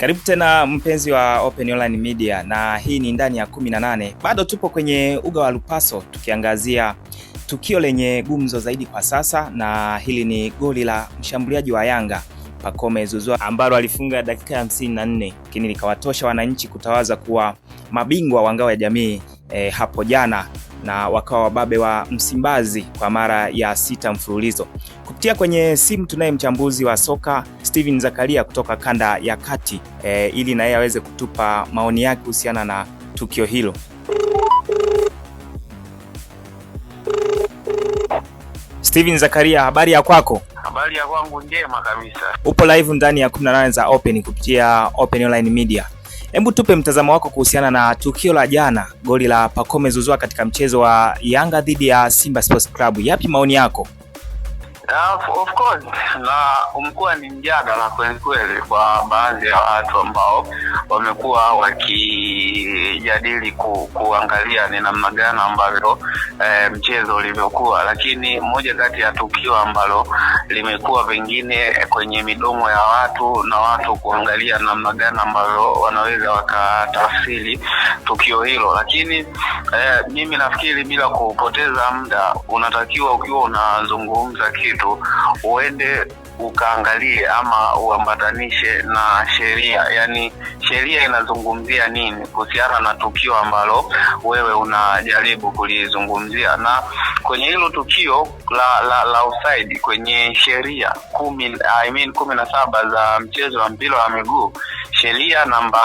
Karibu tena mpenzi wa Open Online Media, na hii ni ndani ya 18. Bado tupo kwenye uga wa Lupaso tukiangazia tukio lenye gumzo zaidi kwa sasa, na hili ni goli la mshambuliaji wa Yanga Pacome Zouzoua ambalo alifunga dakika ya 54, lakini likawatosha wananchi kutawaza kuwa mabingwa wa ngao ya jamii eh, hapo jana na wakawa wababe wa Msimbazi kwa mara ya sita mfululizo. Kupitia kwenye simu tunaye mchambuzi wa soka Steven Zakaria kutoka kanda ya kati e, ili na yeye aweze kutupa maoni yake kuhusiana na tukio hilo. Steven Zakaria, habari ya kwako? Habari ya kwangu njema kabisa. Upo live ndani ya 18 za Open kupitia Open Online Media. Hebu tupe mtazamo wako kuhusiana na tukio la jana, goli la Pacome Zouzoua katika mchezo wa Yanga dhidi ya Simba Sports Club. Yapi maoni yako? Ah, of, of course na umekuwa ni mjadala kweli kweli kwa baadhi ya watu ambao wamekuwa wakijadili ku, kuangalia ni namna gani ambavyo eh, mchezo ulivyokuwa, lakini moja kati ya tukio ambalo limekuwa pengine kwenye midomo ya watu na watu kuangalia namna gani ambavyo wanaweza wakatafsiri tukio hilo, lakini eh, mimi nafikiri bila kupoteza muda, unatakiwa ukiwa unazungumza kitu kitu uende ukaangalie ama uambatanishe na sheria, yani sheria inazungumzia nini kuhusiana na tukio ambalo wewe unajaribu kulizungumzia. Na kwenye hilo tukio la la, la usaidi kwenye sheria kumi, I mean kumi na saba za mchezo wa mpira wa miguu sheria namba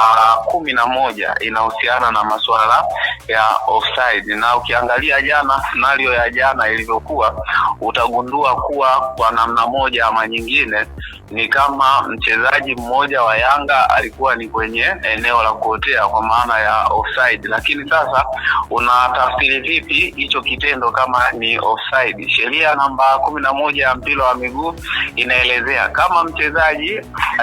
kumi na moja inahusiana na masuala ya offside, na ukiangalia jana, scenario ya jana ilivyokuwa, utagundua kuwa kwa namna moja ama nyingine ni kama mchezaji mmoja wa Yanga alikuwa ni kwenye eneo la kuotea kwa maana ya offside. Lakini sasa unatafsiri vipi hicho kitendo kama ni offside? Sheria namba kumi na moja ya mpira wa miguu inaelezea kama mchezaji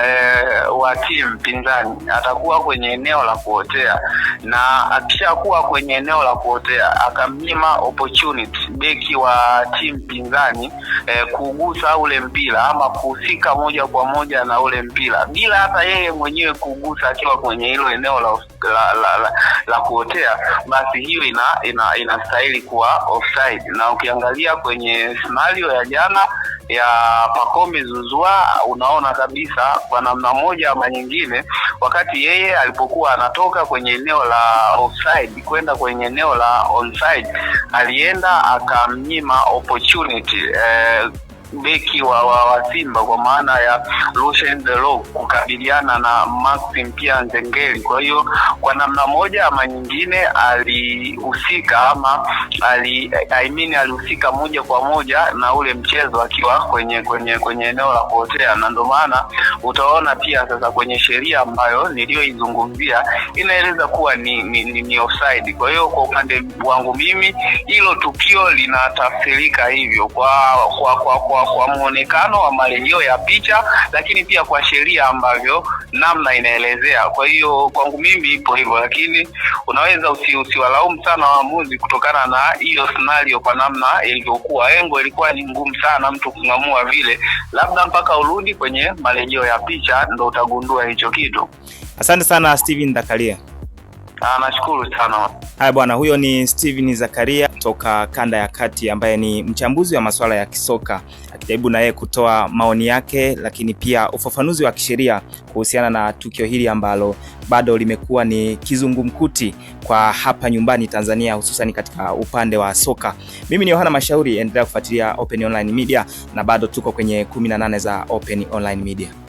eh, wa timu pinzani atakuwa kwenye eneo la kuotea na akishakuwa kwenye eneo la kuotea akamnyima opportunity beki wa timu pinzani eh, kugusa ule mpira ama kuhusika moja kwa moja na ule mpira bila hata yeye mwenyewe kugusa, akiwa kwenye hilo eneo la, la, la, la, la kuotea, basi hiyo ina, ina inastahili kuwa offside. Na ukiangalia kwenye scenario ya jana ya pakome Zuzua, unaona kabisa kwa namna moja ama nyingine, wakati yeye alipokuwa anatoka kwenye eneo la offside kwenda kwenye eneo la onside, alienda akamnyima opportunity eh, beki wa, wa, wa Simba kwa maana ya Lucien Delo kukabiliana na Maxim pia Nzengeli. Kwa hiyo kwa namna moja ama nyingine alihusika ama ali, I mean, alihusika moja kwa moja na ule mchezo akiwa kwenye kwenye kwenye eneo la kuotea, na ndio maana utaona pia sasa kwenye sheria ambayo niliyoizungumzia inaeleza kuwa ni, ni, ni, ni offside. Kwa hiyo kwa upande wangu mimi hilo tukio linatafsirika hivyo kwa kwa, kwa, kwa kwa wa muonekano wa marejeo ya picha, lakini pia kwa sheria ambavyo namna inaelezea. Kwa hiyo kwangu mimi ipo hivyo, lakini unaweza usi, usiwalaumu sana waamuzi kutokana na hiyo scenario kwa namna ilivyokuwa. Engo ilikuwa ni ngumu sana mtu kung'amua vile, labda mpaka urudi kwenye marejeo ya picha ndo utagundua hicho kitu. Asante sana Steven Dakalia. Ah, nashukuru sana. Haya bwana, huyo ni Steven Zakaria kutoka kanda ya kati ambaye ni mchambuzi wa masuala ya kisoka akijaribu na yeye kutoa maoni yake, lakini pia ufafanuzi wa kisheria kuhusiana na tukio hili ambalo bado limekuwa ni kizungumkuti kwa hapa nyumbani Tanzania, hususan katika upande wa soka. Mimi ni Yohana Mashauri, endelea kufuatilia Open Online Media na bado tuko kwenye 18 za Open Online Media.